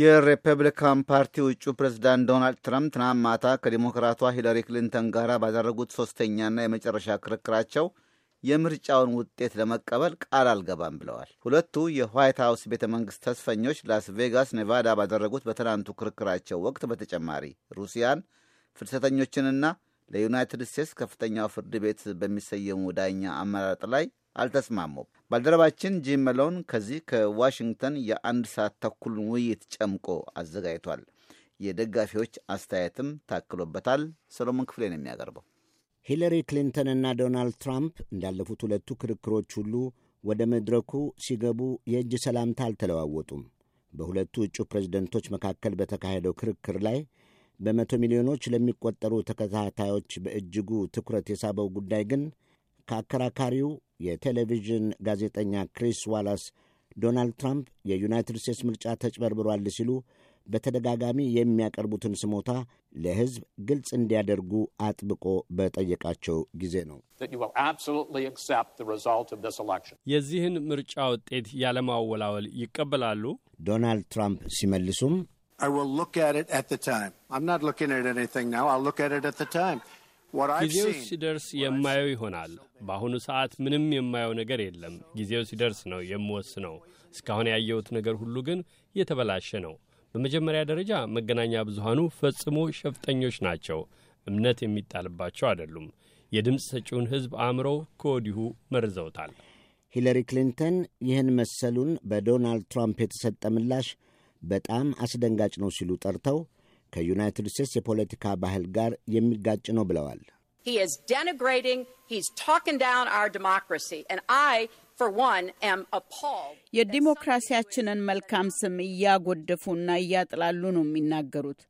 የሪፐብሊካን ፓርቲ ውጩ ፕሬዝዳንት ዶናልድ ትራምፕ ትናንት ማታ ከዲሞክራቷ ሂለሪ ክሊንተን ጋር ባደረጉት ሶስተኛና የመጨረሻ ክርክራቸው የምርጫውን ውጤት ለመቀበል ቃል አልገባም ብለዋል። ሁለቱ የዋይት ሀውስ ቤተ መንግሥት ተስፈኞች ላስ ቬጋስ ኔቫዳ ባደረጉት በትናንቱ ክርክራቸው ወቅት በተጨማሪ ሩሲያን፣ ፍልሰተኞችንና ለዩናይትድ ስቴትስ ከፍተኛው ፍርድ ቤት በሚሰየሙ ዳኛ አመራረጥ ላይ አልተስማሙም። ባልደረባችን ጂም መሎን ከዚህ ከዋሽንግተን የአንድ ሰዓት ተኩል ውይይት ጨምቆ አዘጋጅቷል። የደጋፊዎች አስተያየትም ታክሎበታል። ሰሎሞን ክፍሌ ነው የሚያቀርበው። ሂለሪ ክሊንተን እና ዶናልድ ትራምፕ እንዳለፉት ሁለቱ ክርክሮች ሁሉ ወደ መድረኩ ሲገቡ የእጅ ሰላምታ አልተለዋወጡም። በሁለቱ እጩ ፕሬዝደንቶች መካከል በተካሄደው ክርክር ላይ በመቶ ሚሊዮኖች ለሚቆጠሩ ተከታታዮች በእጅጉ ትኩረት የሳበው ጉዳይ ግን ከአከራካሪው የቴሌቪዥን ጋዜጠኛ ክሪስ ዋላስ ዶናልድ ትራምፕ የዩናይትድ ስቴትስ ምርጫ ተጭበርብሯል ሲሉ በተደጋጋሚ የሚያቀርቡትን ስሞታ ለሕዝብ ግልጽ እንዲያደርጉ አጥብቆ በጠየቃቸው ጊዜ ነው። የዚህን ምርጫ ውጤት ያለማወላወል ይቀበላሉ? ዶናልድ ትራምፕ ሲመልሱም ጊዜው ሲደርስ የማየው ይሆናል። በአሁኑ ሰዓት ምንም የማየው ነገር የለም። ጊዜው ሲደርስ ነው የምወስነው። እስካሁን ያየሁት ነገር ሁሉ ግን የተበላሸ ነው። በመጀመሪያ ደረጃ መገናኛ ብዙሃኑ ፈጽሞ ሸፍጠኞች ናቸው። እምነት የሚጣልባቸው አይደሉም። የድምፅ ሰጪውን ሕዝብ አእምሮ ከወዲሁ መርዘውታል። ሂለሪ ክሊንተን ይህን መሰሉን በዶናልድ ትራምፕ የተሰጠ ምላሽ በጣም አስደንጋጭ ነው ሲሉ ጠርተው ከዩናይትድ ስቴትስ የፖለቲካ ባህል ጋር የሚጋጭ ነው ብለዋል። የዲሞክራሲያችንን መልካም ስም እያጎደፉና እያጥላሉ ነው የሚናገሩት።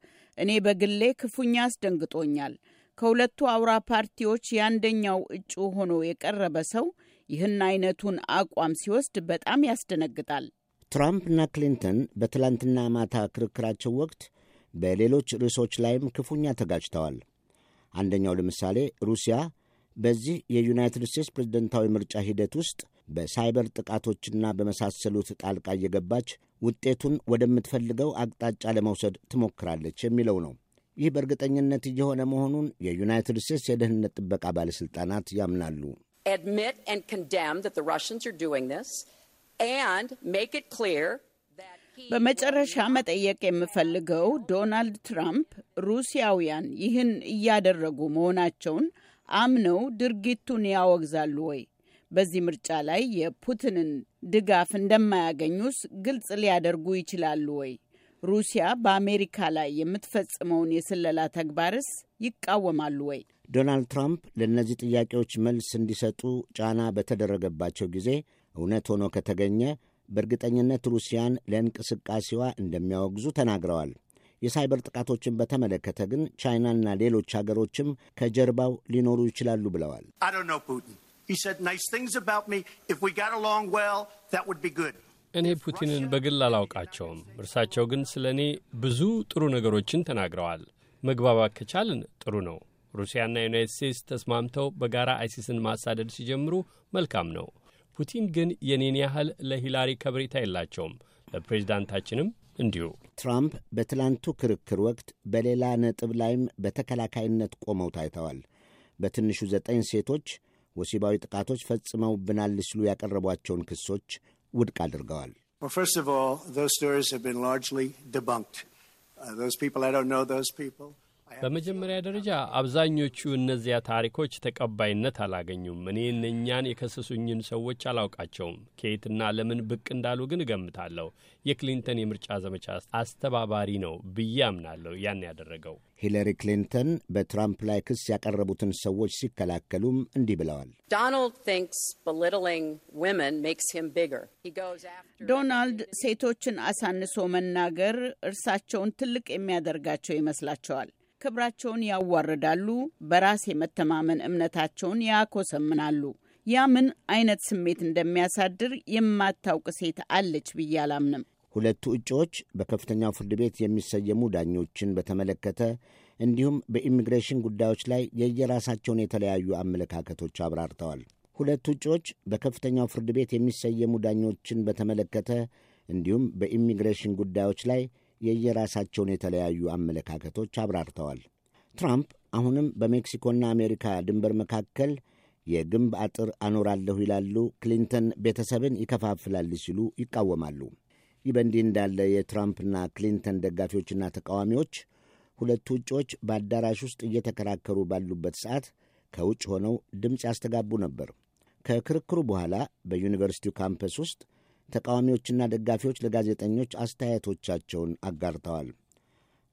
እኔ በግሌ ክፉኛ አስደንግጦኛል። ከሁለቱ አውራ ፓርቲዎች የአንደኛው እጩ ሆኖ የቀረበ ሰው ይህን አይነቱን አቋም ሲወስድ በጣም ያስደነግጣል። ትራምፕና ክሊንተን በትላንትና ማታ ክርክራቸው ወቅት በሌሎች ርዕሶች ላይም ክፉኛ ተጋጭተዋል። አንደኛው ለምሳሌ ሩሲያ በዚህ የዩናይትድ ስቴትስ ፕሬዝደንታዊ ምርጫ ሂደት ውስጥ በሳይበር ጥቃቶችና በመሳሰሉት ጣልቃ እየገባች ውጤቱን ወደምትፈልገው አቅጣጫ ለመውሰድ ትሞክራለች የሚለው ነው። ይህ በእርግጠኝነት እየሆነ መሆኑን የዩናይትድ ስቴትስ የደህንነት ጥበቃ ባለሥልጣናት ያምናሉ። admit and condemn that the Russians are doing this and make it clear በመጨረሻ መጠየቅ የምፈልገው ዶናልድ ትራምፕ ሩሲያውያን ይህን እያደረጉ መሆናቸውን አምነው ድርጊቱን ያወግዛሉ ወይ? በዚህ ምርጫ ላይ የፑቲንን ድጋፍ እንደማያገኙስ ግልጽ ሊያደርጉ ይችላሉ ወይ? ሩሲያ በአሜሪካ ላይ የምትፈጽመውን የስለላ ተግባርስ ይቃወማሉ ወይ? ዶናልድ ትራምፕ ለእነዚህ ጥያቄዎች መልስ እንዲሰጡ ጫና በተደረገባቸው ጊዜ እውነት ሆኖ ከተገኘ በእርግጠኝነት ሩሲያን ለእንቅስቃሴዋ እንደሚያወግዙ ተናግረዋል። የሳይበር ጥቃቶችን በተመለከተ ግን ቻይናና ሌሎች ሀገሮችም ከጀርባው ሊኖሩ ይችላሉ ብለዋል። እኔ ፑቲንን በግል አላውቃቸውም። እርሳቸው ግን ስለ እኔ ብዙ ጥሩ ነገሮችን ተናግረዋል። መግባባት ከቻልን ጥሩ ነው። ሩሲያና ዩናይት ስቴትስ ተስማምተው በጋራ አይሲስን ማሳደድ ሲጀምሩ መልካም ነው። ፑቲን ግን የኔን ያህል ለሂላሪ ከብሬታ የላቸውም፣ ለፕሬዚዳንታችንም እንዲሁ። ትራምፕ በትላንቱ ክርክር ወቅት በሌላ ነጥብ ላይም በተከላካይነት ቆመው ታይተዋል። በትንሹ ዘጠኝ ሴቶች ወሲባዊ ጥቃቶች ፈጽመውብናል ሲሉ ያቀረቧቸውን ክሶች ውድቅ አድርገዋል። ስ በመጀመሪያ ደረጃ አብዛኞቹ እነዚያ ታሪኮች ተቀባይነት አላገኙም። እኔ እነኛን የከሰሱኝን ሰዎች አላውቃቸውም። ከየትና ለምን ብቅ እንዳሉ ግን እገምታለሁ። የክሊንተን የምርጫ ዘመቻ አስተባባሪ ነው ብዬ አምናለሁ። ያን ያደረገው ሂለሪ ክሊንተን በትራምፕ ላይ ክስ ያቀረቡትን ሰዎች ሲከላከሉም እንዲህ ብለዋል። ዶናልድ ሴቶችን አሳንሶ መናገር እርሳቸውን ትልቅ የሚያደርጋቸው ይመስላቸዋል። ክብራቸውን ያዋርዳሉ፣ በራስ የመተማመን እምነታቸውን ያኮሰምናሉ። ያ ምን አይነት ስሜት እንደሚያሳድር የማታውቅ ሴት አለች ብዬ አላምንም። ሁለቱ እጩዎች በከፍተኛው ፍርድ ቤት የሚሰየሙ ዳኞችን በተመለከተ እንዲሁም በኢሚግሬሽን ጉዳዮች ላይ የየራሳቸውን የተለያዩ አመለካከቶች አብራርተዋል። ሁለቱ እጩዎች በከፍተኛው ፍርድ ቤት የሚሰየሙ ዳኞችን በተመለከተ እንዲሁም በኢሚግሬሽን ጉዳዮች ላይ የየራሳቸውን የተለያዩ አመለካከቶች አብራርተዋል። ትራምፕ አሁንም በሜክሲኮና አሜሪካ ድንበር መካከል የግንብ አጥር አኖራለሁ ይላሉ፣ ክሊንተን ቤተሰብን ይከፋፍላል ሲሉ ይቃወማሉ። ይህ በእንዲህ እንዳለ የትራምፕና ክሊንተን ደጋፊዎችና ተቃዋሚዎች ሁለቱ ውጮች በአዳራሽ ውስጥ እየተከራከሩ ባሉበት ሰዓት ከውጭ ሆነው ድምፅ ያስተጋቡ ነበር። ከክርክሩ በኋላ በዩኒቨርሲቲው ካምፐስ ውስጥ ተቃዋሚዎችና ደጋፊዎች ለጋዜጠኞች አስተያየቶቻቸውን አጋርተዋል።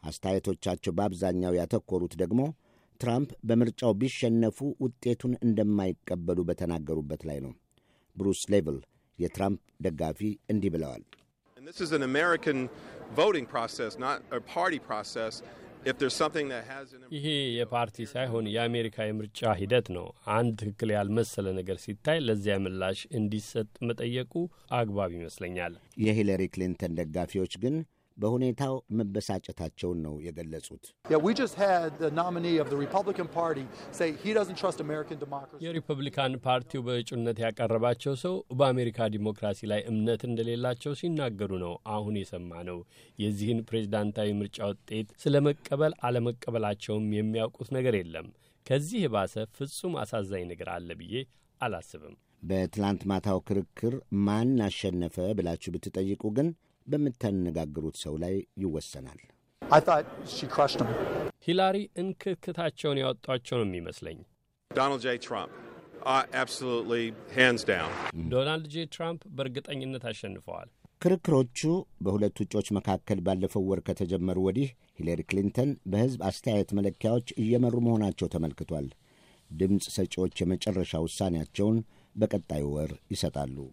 አስተያየቶቻቸው በአብዛኛው ያተኮሩት ደግሞ ትራምፕ በምርጫው ቢሸነፉ ውጤቱን እንደማይቀበሉ በተናገሩበት ላይ ነው። ብሩስ ሌቭል የትራምፕ ደጋፊ እንዲህ ብለዋል። ይሄ የፓርቲ ሳይሆን የአሜሪካ የምርጫ ሂደት ነው። አንድ ትክክል ያልመሰለ ነገር ሲታይ ለዚያ ምላሽ እንዲሰጥ መጠየቁ አግባብ ይመስለኛል። የሂለሪ ክሊንተን ደጋፊዎች ግን በሁኔታው መበሳጨታቸውን ነው የገለጹት። የሪፐብሊካን ፓርቲው በእጩነት ያቀረባቸው ሰው በአሜሪካ ዲሞክራሲ ላይ እምነት እንደሌላቸው ሲናገሩ ነው አሁን የሰማ ነው። የዚህን ፕሬዝዳንታዊ ምርጫ ውጤት ስለ መቀበል አለመቀበላቸውም የሚያውቁት ነገር የለም። ከዚህ የባሰ ፍጹም አሳዛኝ ነገር አለ ብዬ አላስብም። በትላንት ማታው ክርክር ማን አሸነፈ ብላችሁ ብትጠይቁ ግን በምታነጋግሩት ሰው ላይ ይወሰናል። ሂላሪ እንክክታቸውን ያወጧቸው ነው የሚመስለኝ። uh, ዶናልድ ጄ ትራምፕ በእርግጠኝነት አሸንፈዋል። ክርክሮቹ በሁለቱ እጩዎች መካከል ባለፈው ወር ከተጀመሩ ወዲህ ሂለሪ ክሊንተን በሕዝብ አስተያየት መለኪያዎች እየመሩ መሆናቸው ተመልክቷል። ድምፅ ሰጪዎች የመጨረሻ ውሳኔያቸውን በቀጣዩ ወር ይሰጣሉ።